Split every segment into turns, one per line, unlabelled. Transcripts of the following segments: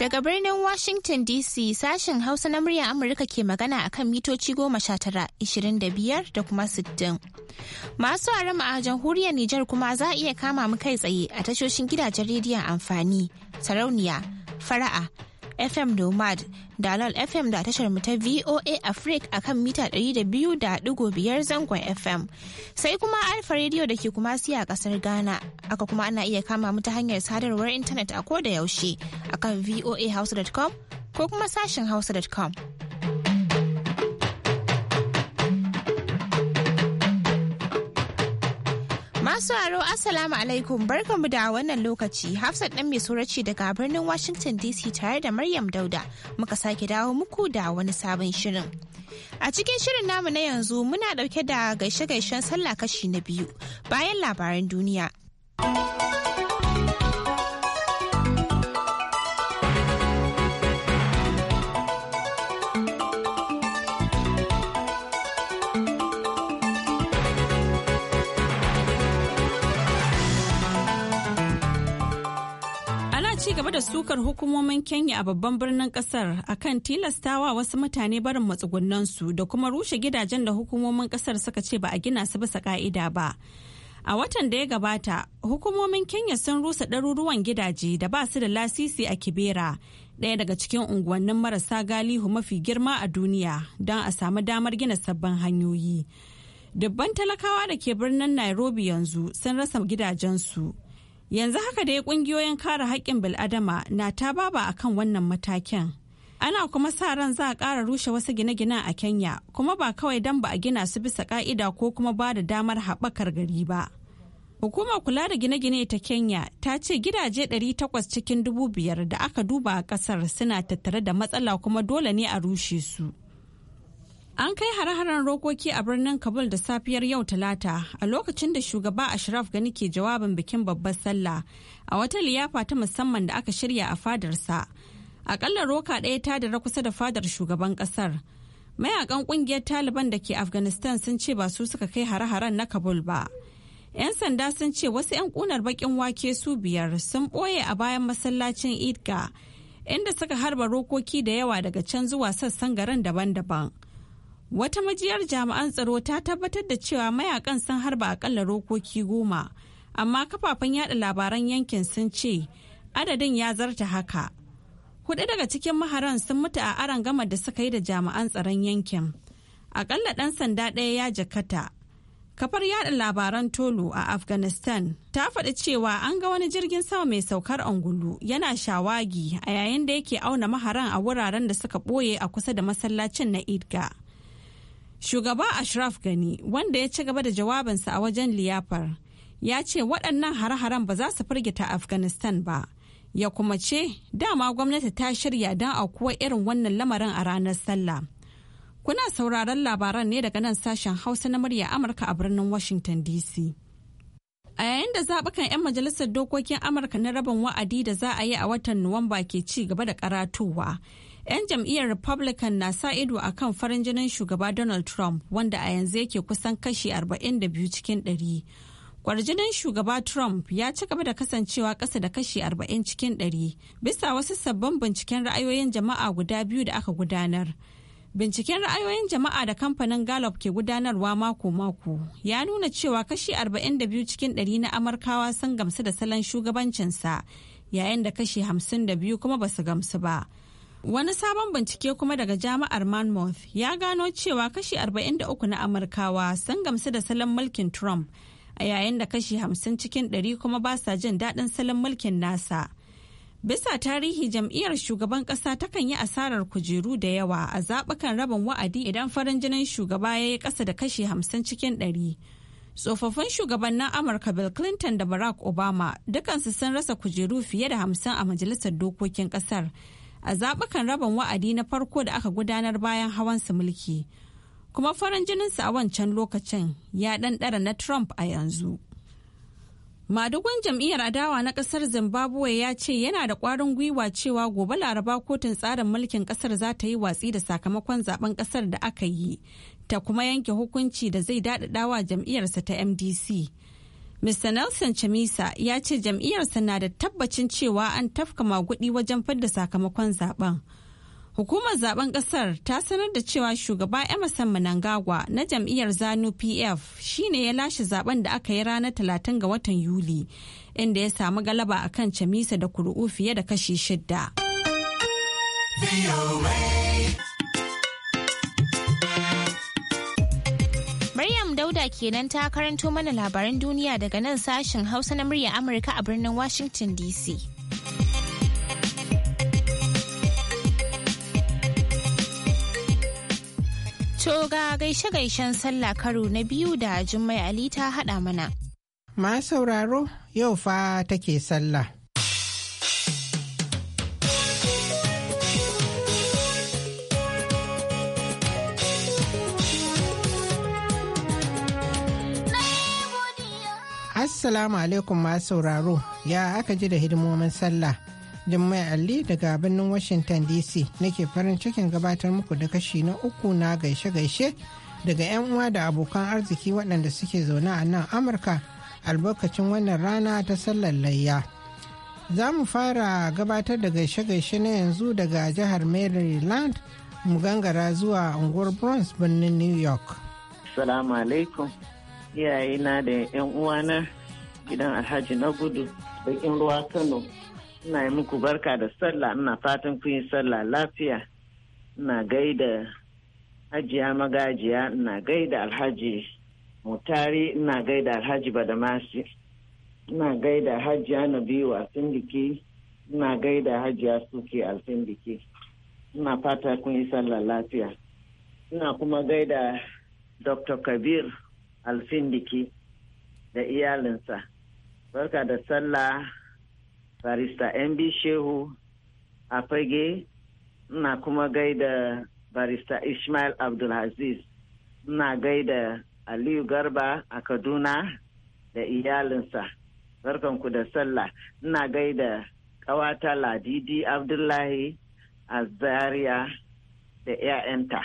Daga birnin Washington DC sashen Hausa na muryar Amurka ke magana a kan mitoci goma sha tara, ishirin da biyar da kuma sittin. Masu a a jamhuriyar Nijar kuma za a iya kama mu kai tsaye a tashoshin gidajen rediyon amfani, sarauniya, fara'a, FM Nomad da Lal FM da tashar mu ta VOA Africa akan mita 200.5 zangon FM. Sai kuma Alfa Radio da ke kuma siya a kasar Ghana. Aka kuma ana iya kama mu ta hanyar sadarwar intanet a ko da yaushe akan voahausa.com ko kuma sashen hausa.com. Masu aro Assalamu alaikum barkanmu da wannan lokaci Hafsat ɗan mai ce daga birnin Washington DC tare da Maryam Dauda muka sake dawo muku da wani sabon shirin. A cikin shirin namu na yanzu muna ɗauke da gaishe-gaishen sallah kashi na biyu bayan labaran duniya.
da sukar hukumomin Kenya a babban birnin kasar akan tilastawa wasu mutane barin matsugunansu da kuma rushe gidajen da hukumomin kasar suka ce ba a gina su bisa ka'ida ba. A watan da ya gabata, hukumomin Kenya sun rusa ɗaruruwan gidaje da ba su da lasisi a Kibera, ɗaya daga cikin unguwannin marasa galihu mafi girma a duniya don a samu damar gina sabbin hanyoyi. Dubban talakawa da ke birnin Nairobi yanzu sun rasa gidajensu. yanzu haka dai kungiyoyin kare haƙƙin bil'adama na ta baba a kan wannan matakin ana kuma sa ran za a ƙara rushe wasu gine-ginen a kenya kuma ba kawai don ba a gina su bisa ƙa'ida ko kuma ba da damar haɓakar gari ba hukumar kula da gine-gine ta kenya ta ce gidaje 800 cikin 5,000 da aka duba a ƙasar suna tattare da matsala kuma dole ne a rushe su An kai hare-haren rokoki a birnin Kabul da safiyar yau Talata a lokacin da shugaba Ashraf Gani ke jawabin bikin babbar sallah a wata liyafa ta musamman da aka shirya a fadarsa. Akalla roka ɗaya ta dara kusa da fadar shugaban ƙasar. Mayakan ƙungiyar Taliban da ke Afghanistan sun ce ba su suka kai hare-haren na Kabul ba. 'Yan sanda sun ce wasu 'yan ƙunar baƙin wake su biyar sun ɓoye a bayan masallacin Idga inda suka harba rokoki da yawa daga can zuwa sassan garin daban-daban. Wata majiyar jami'an tsaro ta tabbatar da cewa mayakan sun harba akalla rokoki goma, amma kafafen yada labaran yankin sun ce adadin ya zarta haka. Kuɗi daga cikin maharan sun mutu a aron gama da suka yi da jami'an tsaron yankin. Akalla ɗan sanda ɗaya ya jakata. Kafar yada labaran Tolo a Afghanistan ta faɗi cewa an ga wani jirgin sama mai saukar angulu yana shawagi a yayin da yake auna maharan a wuraren da suka ɓoye a kusa da masallacin na Idga. Shugaba Ashraf Gani wanda ya ci gaba da jawabinsa a wajen liyafar ya ce waɗannan hare-haren ba za su firgita Afghanistan ba. Ya kuma ce dama gwamnati ta shirya don kuwa irin wannan lamarin a ranar sallah. Kuna sauraron labaran ne daga nan sashen Hausa na murya Amurka a birnin Washington DC. A yayin da zaɓukan 'yan majalisar dokokin Amurka na rabin wa'adi da za a yi a watan Nuwamba ke ci gaba da karatuwa, 'Yan jam'iyyar Republican na sa ido a kan farin jinin shugaba Donald Trump wanda a yanzu yake kusan kashi 42 cikin 100. Kwarjinin shugaba Trump ya ci gaba da kasancewa kasa da kashi 40 cikin 100 bisa wasu sabbin binciken ra'ayoyin jama'a guda biyu da aka gudanar. Binciken ra'ayoyin jama'a da kamfanin Gallup ke gudanarwa mako-mako ya nuna cewa kashi 42 cikin 100 na Amurkawa sun gamsu da salon shugabancinsa yayin da kashi 52 kuma ba su gamsu ba. Wani sabon bincike kuma daga jami'ar Monmouth ya gano cewa kashi 43 na Amurkawa sun gamsu da salon mulkin Trump a yayin da kashi 50 cikin 100 kuma ba sa jin daɗin salon mulkin nasa. Bisa tarihi jam'iyyar shugaban ƙasa takan yi asarar kujeru da yawa a zaɓukan rabin wa'adi idan farin jinin shugaba ya yi ƙasa da kashi 50 cikin 100. tsofaffin shugabannin amurka bill clinton da barack obama dukansu sun rasa kujeru fiye da hamsin a majalisar dokokin Ƙasar. a zaɓukan rabin wa'adi na farko da aka gudanar bayan hawan su mulki kuma farin jininsu a wancan lokacin ya ɗanɗara na trump a yanzu madugun jam'iyyar adawa na ƙasar zimbabwe ya ce yana da ƙwarin gwiwa cewa gobe laraba kotun tsarin mulkin ƙasar za ta yi watsi da sakamakon zaben ƙasar da aka yi ta kuma yanke hukunci da zai daɗaɗa wa jam'iyyarsa ta mdc Mr. Nelson Chamisa ya ce jam'iyyarsa na da tabbacin cewa an tafka magudi wajen fadda sakamakon zaben. Hukumar zaben kasar ta sanar da cewa shugaba Emerson Mnangagwa na jam'iyyar Zanu PF shine ya lashe zaben da aka yi ranar talatin ga watan Yuli inda ya samu galaba a kan Chamisa da kuri'u fiye da kashi shidda. Dauda kenan
ta karanto mana labaran duniya daga nan sashen Hausa na murya Amurka a birnin Washington DC. To ga gaishe-gaishen sallah karo na biyu da Jummai
Ali ta haɗa mana. Ma sauraro yau fa take sallah. Assalamu alaikum masu sauraro ya aka ji da hidimomin sallah. Jummai Ali daga birnin Washington DC nake farin cikin gabatar muku da kashi na uku na gaishe-gaishe daga 'yan uwa da abokan arziki waɗanda suke zaune a nan Amurka albarkacin wannan rana ta sallar layya. Za mu fara gabatar da gaishe-gaishe na yanzu daga jihar Maryland mu gangara zuwa unguwar Bronx birnin New York.
Salamu alaikum iyayena da 'yan uwana gidan alhaji na gudu bakin ruwa kano ina yi muku barka da sallah ina fatan kun yi sallah lafiya ina gaida hajiya magajiya ina gaida alhaji mutari ina gaida alhaji badamasi ina gaida hajiya a sindiki ina gaida hajiya suke sindiki ina fata kun yi sallah lafiya ina kuma gaida dr kabir alfindiki da iyalinsa barka da sallah barista mb shehu a fage ina kuma gaida barista Ismail abdulaziz ina gaida aliyu garba a kaduna da iyalinsa barkanku da sallah ina gaida ƙawata ladidi abdullahi a zaria da 'ya'yanta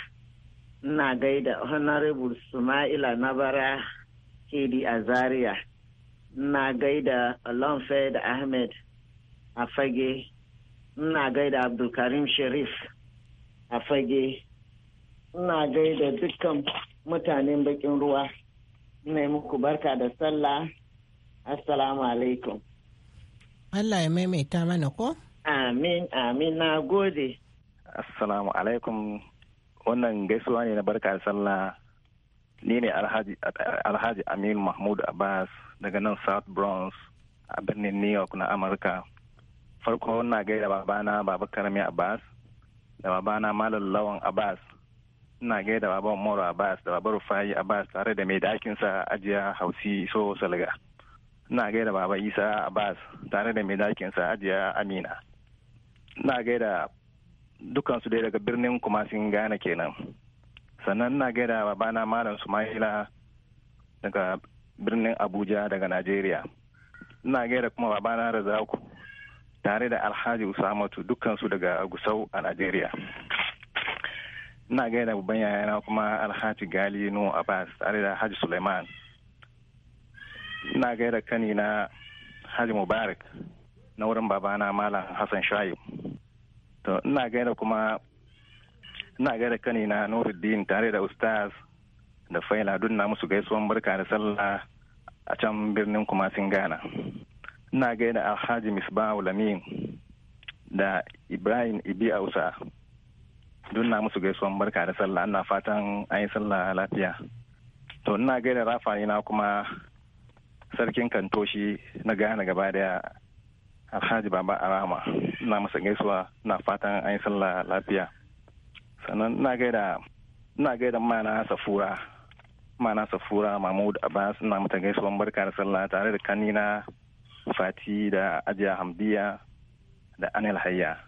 ina gaida honorable sumaila nabara kedi a zaria ina gaida Alonso da Ahmed a fage, ina gaida Abdulkarim Sharif a fage, ina gaida dukkan mutanen bakin ruwa, ina muku barka da sallah, Assalamu alaikum.
Allah ya maimaita mana ko?
Amin, amin, na gode. Assalamu alaikum, wannan gaisuwa ne na barka da sallah ni ne alhaji Amin mahmud abbas daga nan south bronx a birnin new york na amurka farko na gaida babana baba karami abbas da babana malam lawan abbas ina gaida baban moro abbas da babar rufayi abbas tare da mai dakinsa ajiya hausi so salga ina gaida baba isa abbas tare da mai dakinsa ajiya amina ina gaida dukansu dai daga birnin kumasin ghana kenan sannan ina gaida babana malam sumaila daga birnin abuja daga najeriya ina gaida kuma babana razaku tare da alhaji usamatu dukansu daga gusau a najeriya ina gaida babban yayana kuma alhaji gali no abbas tare da haji suleiman ina gaida kani na haji mubarak na wurin babana malam hassan shayi to ina gaida kuma ina da kani na Nuruddin tare da Ustaz da Faila duk musu gaisuwan barka da sallah a can birnin Kumasin Ghana. Ina da Alhaji Misbahu Lamin da Ibrahim Ibi Ausa duk musu gaisuwan barka da sallah ana fatan an yi sallah lafiya. To ina da rafani na kuma sarkin kantoshi na Ghana gaba daya Alhaji Baba Arama ina masa gaisuwa na fatan an yi sallah lafiya. sannan na gaida ina gaida mana safura mana safura mahmud abbas ina mata gaisuwan barka da sallah tare da kanina fati da ajiya hamdiya da anil hayya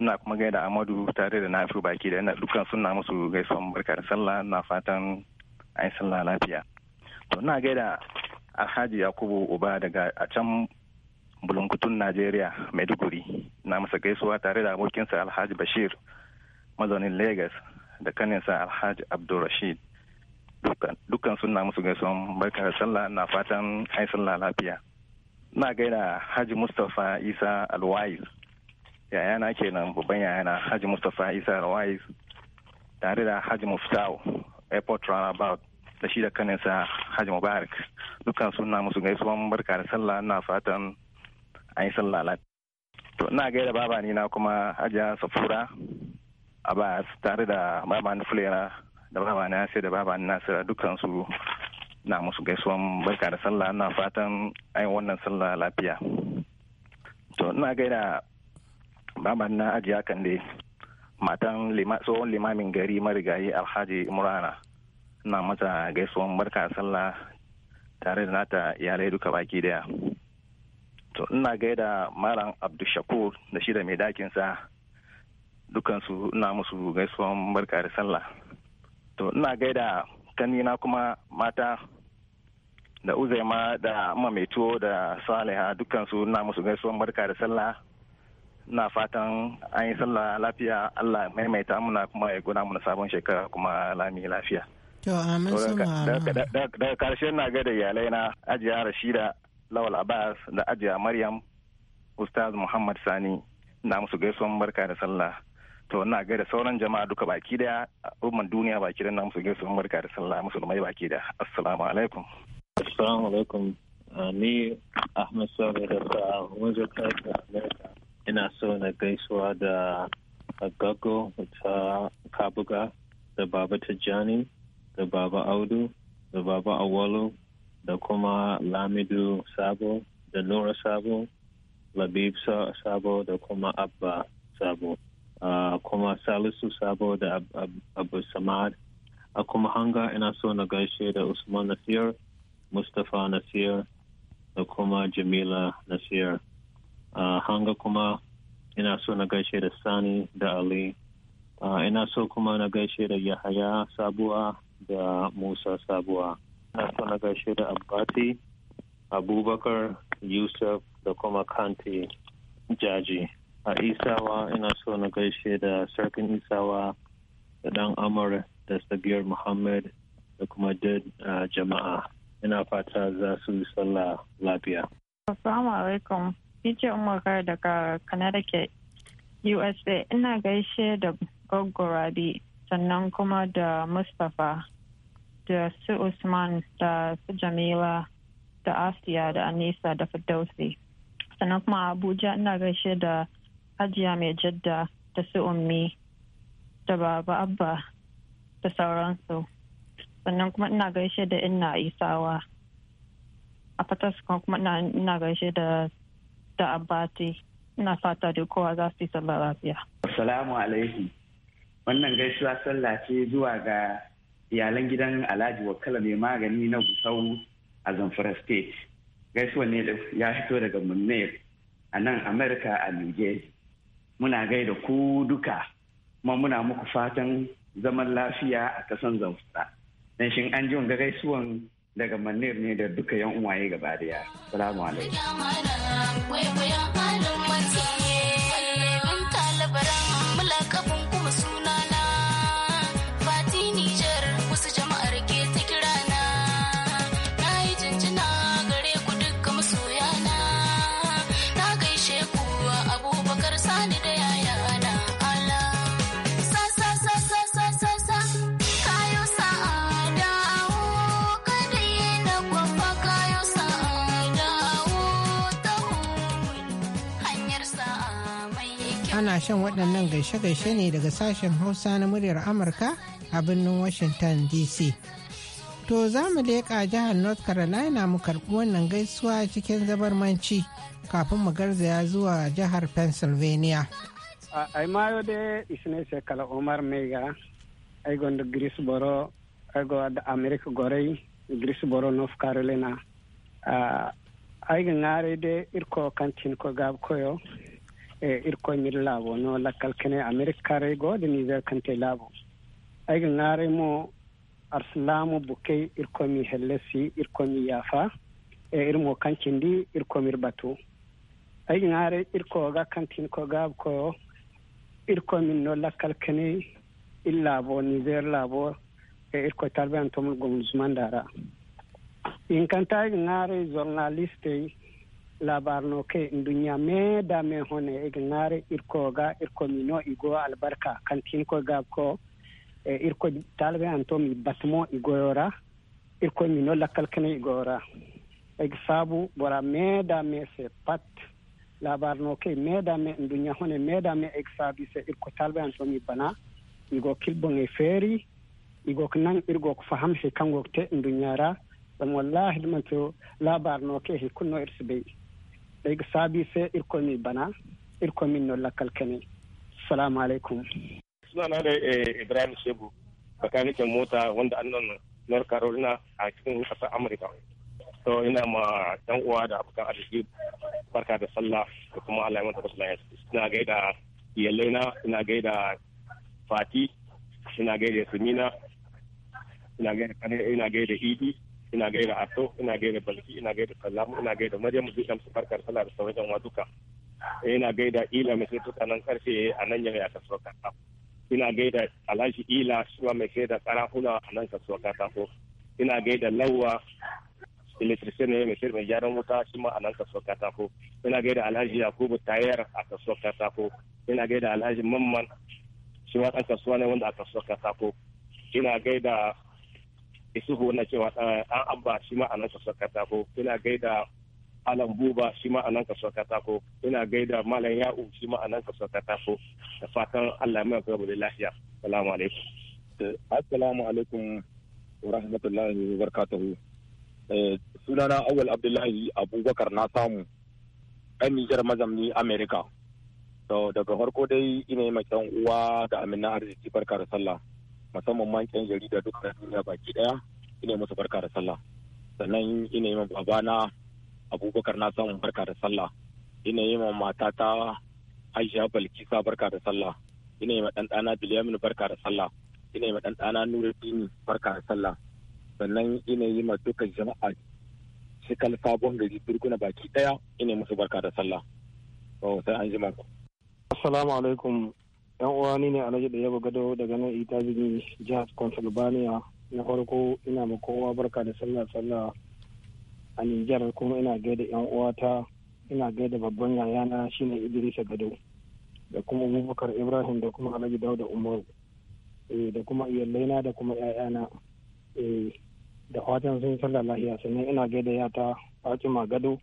ina kuma gaida amadu tare da nafi baki da ina dukkan suna musu gaisuwan barka da sallah na fatan ayi sallah lafiya to ina gaida alhaji yakubu uba daga a can bulunkutun najeriya maiduguri na masa gaisuwa tare da abokinsa alhaji bashir mazaunin Legas da kaninsa Alhaji Abdul Rashid. dukkan suna musu gaisuwan barkar sallah na fatan ai sallah lafiya. Na gaida Haji Mustapha Isa Alwais yayana kenan babban yayana Haji Mustapha Isa Alwais tare da Haji Muftau Airport Runabout da shi da kaninsa Haji Mubarak dukkan suna musu gaisuwan barkar sallah na fatan ai sallah lafiya. To na gaida baba ni na kuma Hajiya Safura ba tare da Baban fulera da baba na da Baban na nasira dukansu na musu gaisuwan barka da sallah na fatan ayin wannan sallah lafiya to ina gaida baba na ajiya kan dai matan tsohon limamin gari marigayi alhaji murana na mata gaisuwan barka da sallah tare da nata iyalai duka baki daya to ina gaida malam abdushakur da shi da mai dakinsa dukansu ina musu gaisuwan barka da sallah to ina gaida kanina kuma mata da uzaima da mamaito da saliha dukansu ina musu gaisuwan barka da sallah na fatan an yi sallah lafiya allah maimaita muna kuma ya guna muna sabon shekara kuma lami lafiya to daga karshen na gaida iyalai na ajiya rashida lawal abbas da ajiya maryam ustaz muhammad sani na musu gaisuwan barka da sallah to ina ga da sauran jama'a duka baki daya umman duniya baki da na musu su barka da sallah musulmai baki da assalamu alaikum assalamu alaikum ni ahmed da ta wajen kasa
america ina so na gaisuwa da gago ta kabuga da baba tijjani da baba audu da baba awolo da kuma lamidu sabo da nura sabo labib sabo da kuma abba sabo kuma salisu sabo da abu samad a kuma hanga ina so na gaishe da usman nasir mustapha nasir da kuma jamila nasir hanga kuma ina so na gaishe da sani da ali ina so kuma na gaishe da yahaya sabuwa da musa sabuwa ina so na gaishe da abbati abubakar yusuf da kuma kanti jaji a isawa ina so na gaishe da sarkin isawa da dan amur da sabiyar muhammad da kuma dad jama'a ina fata za su yi sallah lafiya assalamu alaikum ce umar daga connecticut usa ina gaishe da gogorabi sannan kuma da mustapha da su usman da su jamila da asiya da anisa da fadosi sannan kuma abuja ina gaishe da ajiya mai jadda da su ummi da baba abba da sauransu sannan kuma ina gaishe da ina isawa a fatas kuma ina gaishe da da abati ina fata da kowa za su yi sallah lafiya.
Assalamu alaikum. Wannan gaisuwa sallah ce zuwa ga iyalan gidan Alhaji Wakala mai magani na Gusau a Zamfara State. Gaisuwa ne ya fito daga Munne a nan Amurka a Nigeria. muna gaida ku duka kuma muna muku fatan zaman lafiya a kasan zamfura dan shin an ji wanga gaisuwan daga manir ne da duka yan uwaye gaba daya salamu alaikum
ana shan waɗannan gaishe-gaishe ne daga sashen hausa na muryar amurka a birnin washington dc to za mu leƙa jihar north carolina mu karɓi wannan gaisuwa cikin zabar manci kafin mu garzaya zuwa jihar pennsylvania
ai mayo omar mega ay da grisboro da america gorai, grisboro north carolina ay ngare dai irko kantin ko gab koyo irkoñir laaɓo no lakkal kene amérique kare goode niger kante laaɓo ayga ŋaare mo arsilaamu bukey mi hellesi irkomi yaafa e irmo kanci ndi irkomir batu ayga irko irkoga kantin koga ko irkomin no lakkal kene il laaɓo niger laaɓo e irkoy talbe an tomol gomul zumandara in kanta ayga journaliste labarno ke dunya meeda me hone ege ŋaare irkoga irkomino igo albarka kantin ko gab ko e irko talbe an to mi batmo igoyora irko mino lakkal kene igoyora ege saabu bora meeda me se pat labarno ke meeda me dunya hone meeda me ege saabi se irko talbe an to mi bana igo kilboŋe feeri igo ko nan irgo ko faham he kango te dunyara ɗum wallahi ɗumanto labarno ke he kunno irsi beyi sabi sai irko irkomi bana irko min lakkal kalkani salamu alaikum
suna na da eh, ibrahim shebu bakanikin mota wanda an nan north carolina a cikin kasar amurka to ina ma ɗan uwa da abokan arziki barka da sallah da kuma allah ya mata wasu ina gaida iyalai na ina gaida fati ina gaida sumina gaida ina gaida idi ina da Ato ina da Balki ina da Sallamu ina gaida Maryam Zulam su farkar sallah da sauran yan duka ina da Ila mai sai nan karfe a nan yare a kasuwar kasa ina da Alhaji Ila shuwa mai sai da karahuna a nan kasuwar ko ina gaida lawa electrician ne mai mai gyaran wuta shi ma a nan kasuwar ko ina da Alhaji Yakubu Tayar a kasuwar ko ina da Alhaji Mamman shi ma dan kasuwa ne wanda a kasuwar ko ina da. isuhu na cewa eh, an abba shi ma a nan kasuwar katako ina gaida alan buba shi ma a nan kasuwar katako ina gaida malam ya'u shi ma a nan kasuwar katako da fatan allah mai kuma bude lafiya salamu alaikum assalamu alaikum wa rahmatullahi wa barakatuhu eh, sunana awal abdullahi abubakar na samu ɗan nijar mazamni amerika to daga farko dai ina yi ma uwa da amina arziki barka da sallah musamman man yan jarida duka na duniya baki daya ina musu barka da sallah sannan ina yi babana abubakar na samun barka da sallah ina yi ma matata aisha balkisa barka da sallah ina yi ma ɗanɗana biliyamin barka da sallah ina yi ma ɗanɗana nuruddin barka da sallah sannan ina yi ma dukkan jama'a shikal sabon gari turkuna baki daya ina masa barka da sallah sai an
assalamu alaikum yan uwa ni ne alhaji da yaba gado daga nan ita bini jihar pennsylvania na farko ina ma kowa barka da sallah sallah a nijar kuma ina gaida yan uwata ina gaida babban yayana shine idrisa gado da kuma abubakar ibrahim da kuma alhaji dauda umaru eh, da kuma iyalaina da kuma yayana eh, da fatan sun sallah lahiya sannan ina gaida yata fatima gado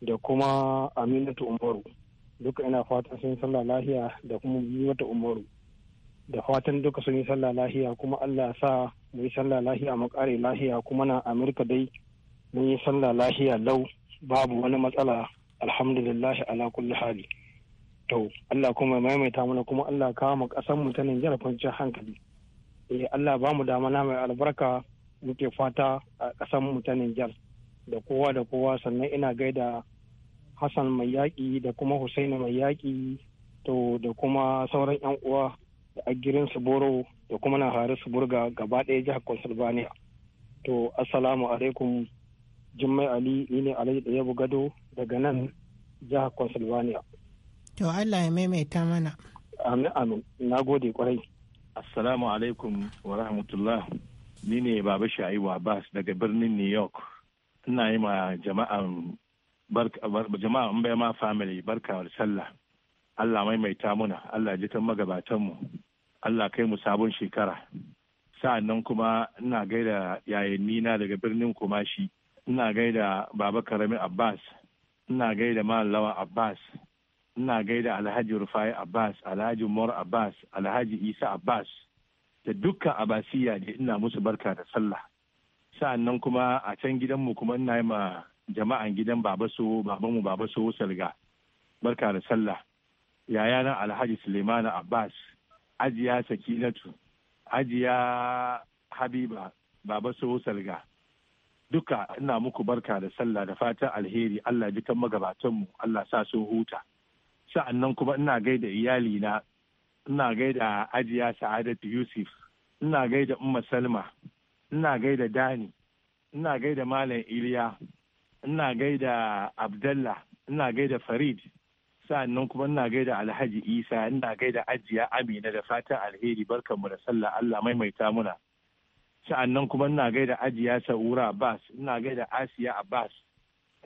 da kuma aminatu umaru duka ina fatan sun yi sallah lahiya da kuma wata umaru da fatan duka sun yi sallah lahiya kuma allah sa mu yi sallah lahiya mu kare lahiya kuma na amurka dai mun yi sallah lahiya lau babu wani matsala alhamdulillah ala kulli hali to allah kuma maimaita mana kuma allah kawo mu kasan mu ta nijar kwanciyar hankali eh allah ba mu na mai albarka muke fata a kasan mu ta nijar da kowa da kowa sannan ina gaida hassan mai yaƙi da kuma husaini mai yaƙi to da kuma sauran yan uwa da agirin su boro da kuma na hari su burga gaba ɗaya jihar pennsylvania to assalamu alaikum jummai ali ni ne alayi da yabo gado daga nan jihar pennsylvania
to allah ya maimaita mana
amin amin na gode kwarai assalamu alaikum wa rahmatullah ni ne baba sha'iwa bas daga birnin new york ina yi ma jama'an jama'a an bai ma family barka da sallah Allah maimaita muna Allah ji kan magabatanmu Allah kai mu sabon shekara sa'annan kuma ina gaida yayanni na daga birnin kumashi ina gaida baba karamin abbas ina gaida malawa abbas ina gaida alhaji rufai abbas alhaji mor abbas alhaji isa abbas da dukkan abasiya da ina musu barka da sallah sa'annan kuma a can gidanmu kuma ina yi ma jama'an gidan baba so babanmu baba so salga barka da sallah yayana alhaji Suleiman abbas ajiya sakinatu ajiya habiba baba so salga duka ina muku barka da sallah da fatan alheri allah ji kan magabatanmu allah sa sun huta sa'annan kuma ina gaida iyalina ina gaida ajiya sa'adatu yusuf ina gaida umma salma ina gaida dani ina gaida malam iliya ina gaida abdalla ina gaida farid sa'annan kuma ina gaida alhaji isa ina gaida ajiya amina da fatan alheri barkanmu da sallah allah maimaita muna sa'annan kuma ina gaida ajiya sa'ura abbas ina gaida asiya abbas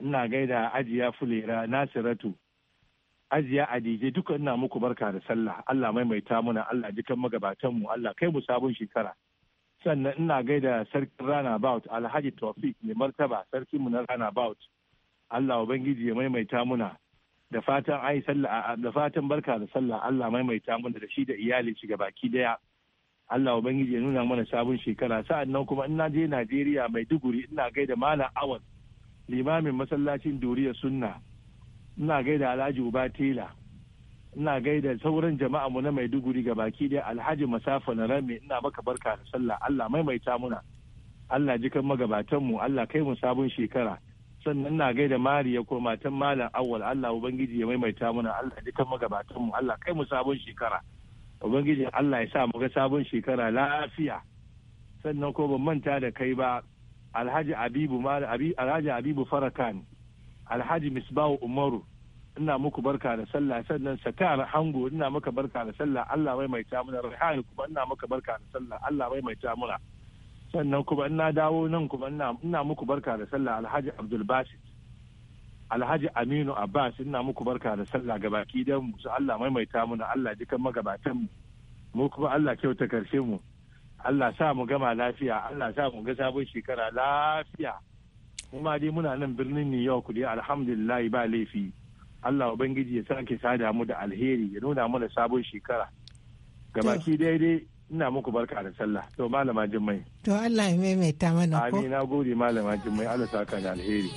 ina gaida ajiya fulera nasiratu ajiya adije duka ina muku barka da sallah allah maimaita muna allah jikan magabatanmu allah kai mu sabon shekara sannan ina gaida sarkin runabout alhaji tofik mai martaba sarkinmu na runabout allah ubangiji ya maimaita muna da fatan ai sallah da fatan barka da sallah allah maimaita muna da shi da iyali shiga baki daya allah ubangiji ya nuna mana sabon shekara sa'annan kuma ina je najeriya mai duguri ina gaida malam awan limamin masallacin duriya sunna ina gaida alhaji uba tela ina gaida sauran jama'a mu na Maiduguri ga baki da Alhaji Masafa na rami ina maka barka da sallah Allah maimaita muna Allah jikan magabatan mu Allah kai mu sabon shekara sannan ina gaida Mariya ko matan Malam Awwal Allah ubangiji ya maimaita muna Allah jikan magabatan mu Allah kai mu sabon shekara ubangiji Allah ya sa mu ga sabon shekara lafiya sannan ko ban manta da kai ba Alhaji Abibu Alhaji Abibu Farakan Alhaji Misbahu Umaru ina muku barka da sallah sannan satar hango ina maka barka da sallah Allah mai mai muna rihani kuma ina maka barka da sallah Allah mai mai muna sannan kuma ina dawo nan kuma ina muku barka da sallah Alhaji Abdul Basit Alhaji Aminu Abbas ina muku barka da sallah gabaki dan mu su Allah mai mai muna Allah dukan magabatan mu mu kuma Allah kyauta karshe mu Allah sa mu gama lafiya Allah sa mu ga sabon shekara lafiya kuma dai muna nan birnin New York dai alhamdulillah ba laifi Allah Ubangiji ya sake sada mu da alheri ya nuna mana sabon shekara. Gabaki daidai ina muku barka da sallah to malama jimmai. To Allah ya maimaita mana ko. Amin na gode malama jimmai Allah saka da alheri.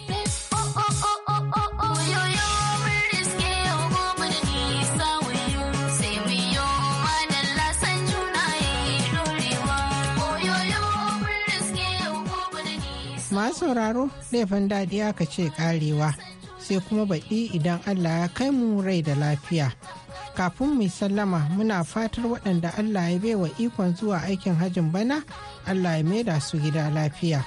Masu sauraro laifin daɗi aka ce karewa. sai kuma baɗi idan Allah ya kai mu rai da lafiya. Kafin mu sallama muna fatar waɗanda Allah ya baiwa ikon zuwa aikin hajin bana Allah ya maida su gida lafiya.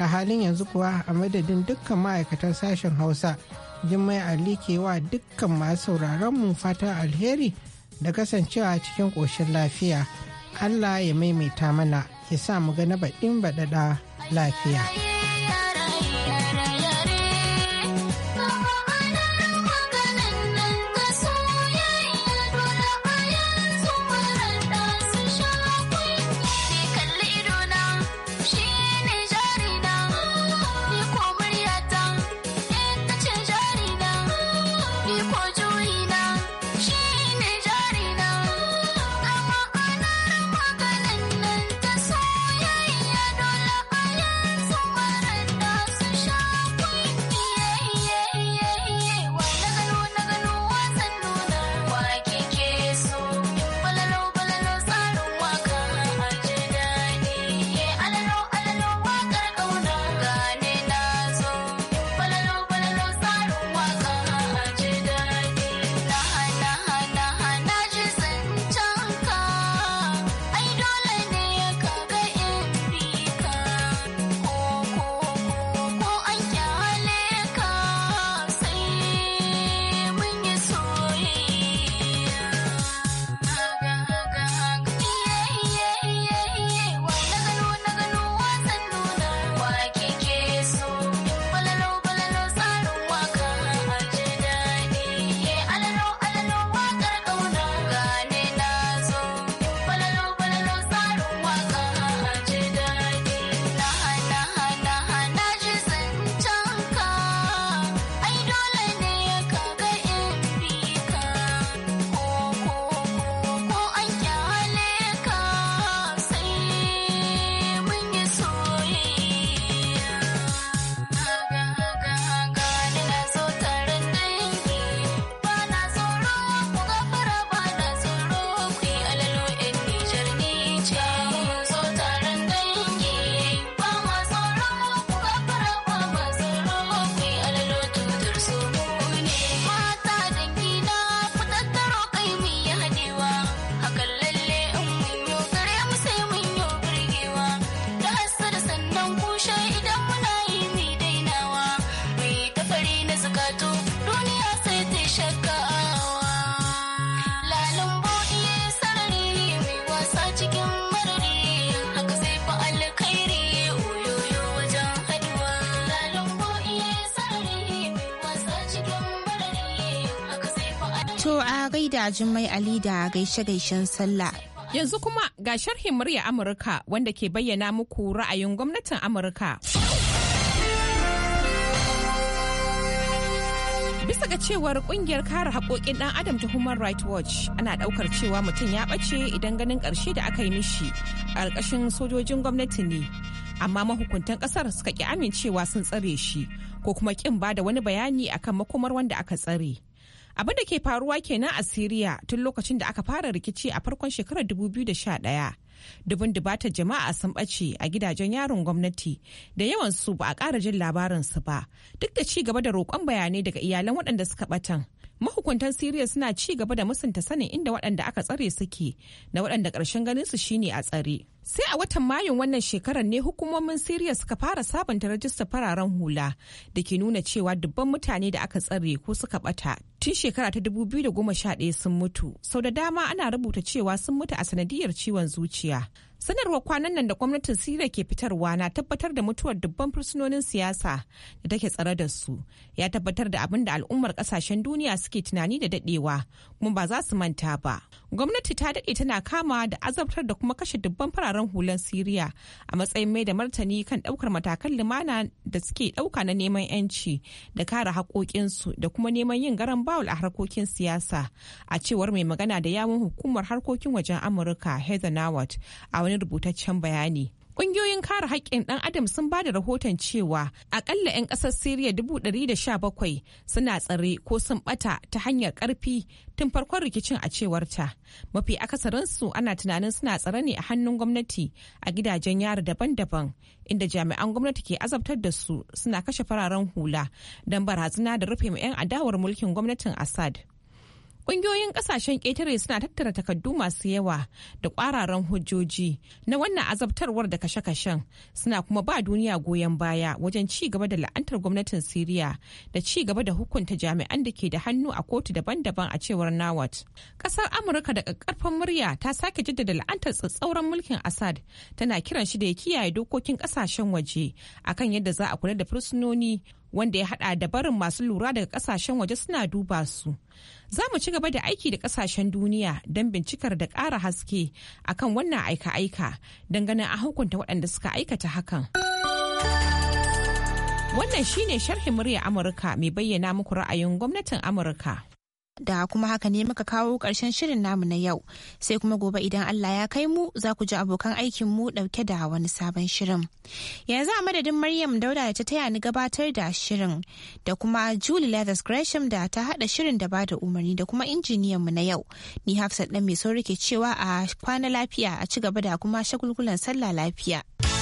A halin yanzu kuwa a madadin dukkan ma'aikatan sashen Hausa, Jummai Ali ke wa dukkan masu sauraron mu fatan alheri da kasancewa cikin ƙoshin lafiya. Allah ya maimaita mana, ya sa mu ga na baɗin baɗaɗa lafiya.
To a gaida Jummai Ali da gaishe-gaishen sallah. Yanzu kuma ga sharhin murya
Amurka wanda ke bayyana muku ra'ayin gwamnatin Amurka. bisa ga cewar kungiyar kare haƙoƙin ɗan adam ta human rights watch ana ɗaukar cewa mutum ya ɓace idan ganin ƙarshe da aka yi mishi a ƙarƙashin sojojin gwamnati ne amma mahukuntan ƙasar suka ƙi amincewa sun tsare shi ko kuma ƙin ba da wani bayani akan makomar wanda aka tsare abin da ke faruwa kenan a siriya tun lokacin da aka fara rikici a farkon shekarar 2011 dubin dubatar jama'a sun ɓace a gidajen yaron gwamnati da yawan su ba a ƙara jin labarinsu ba duk da ci gaba da roƙon bayanai daga iyalan waɗanda suka ɓatan mahukuntan siriya suna ci gaba da musunta sanin inda waɗanda aka tsare suke na waɗanda ƙarshen ganin su shine a tsare sai a watan mayun wannan shekarar ne hukumomin siriya suka fara sabunta rajista fararen hula da ke nuna cewa dubban mutane da aka tsare ko suka bata tun shekara ta 2011 sun mutu sau da dama ana rubuta cewa sun mutu a sanadiyar ciwon zuciya sanarwar kwanan nan da gwamnatin siriya ke fitarwa na tabbatar da mutuwar dubban fursunonin siyasa da take tsare da su ya tabbatar da abin da al'ummar kasashen duniya suke tunani da dadewa kuma ba za su manta ba gwamnati ta dade tana kama da azabtar da kuma kashe dubban fararen hulan siriya a matsayin mai da martani kan daukar matakan lumana da suke dauka na neman yanci da kare haƙoƙinsu da kuma neman yin garan bawul a harkokin siyasa a cewar mai magana da yawun hukumar harkokin wajen amurka heather nawat a wani rubutaccen bayani. Ƙungiyoyin kare haƙƙin ɗan adam sun ba da rahoton cewa akalla 'yan ƙasar Siriya 117 suna tsare ko sun ɓata ta hanyar ƙarfi tun farkon rikicin a cewarta. Mafi akasarinsu ana tunanin suna tsare ne a hannun gwamnati a gidajen yari daban-daban inda jami'an gwamnati ke azabtar da su suna kashe fararen hula don barazana da rufe 'yan adawar mulkin gwamnatin Assad. Ƙungiyoyin ƙasashen ƙetare suna tattara takardu masu yawa da ƙwararan hujjoji na wannan azabtarwar da kashe-kashen suna kuma ba duniya goyon baya wajen ci gaba da la'antar gwamnatin Siriya da ci gaba da hukunta jami'an da ke da hannu a kotu daban-daban a cewar Nawat. Ƙasar Amurka da ƙarfin murya ta sake jaddada la'antar tsatsauran mulkin Assad tana kiran shi da ya kiyaye dokokin ƙasashen waje akan yadda za a kula da fursunoni wanda ya hada da barin masu lura daga kasashen waje suna duba su. Za mu ci gaba da aiki da kasashen duniya don bincikar da ƙara haske akan wannan aika-aika don ganin a hukunta waɗanda suka aikata hakan. Wannan shine sharhin murya Amurka mai bayyana muku ra'ayin gwamnatin Amurka.
da kuma haka ne muka kawo ƙarshen shirin namu na yau sai kuma gobe idan Allah ya kai mu za ku ji abokan aikin mu ɗauke da wani sabon shirin yanzu a madadin Maryam Dauda da ta taya ni gabatar da shirin da kuma Julie Leathers Gresham da ta haɗa shirin da ba da umarni da kuma injiniyan mu na yau ni Hafsat dan mai sauri ke cewa a kwana lafiya a ci gaba da kuma shagulgulan sallah lafiya.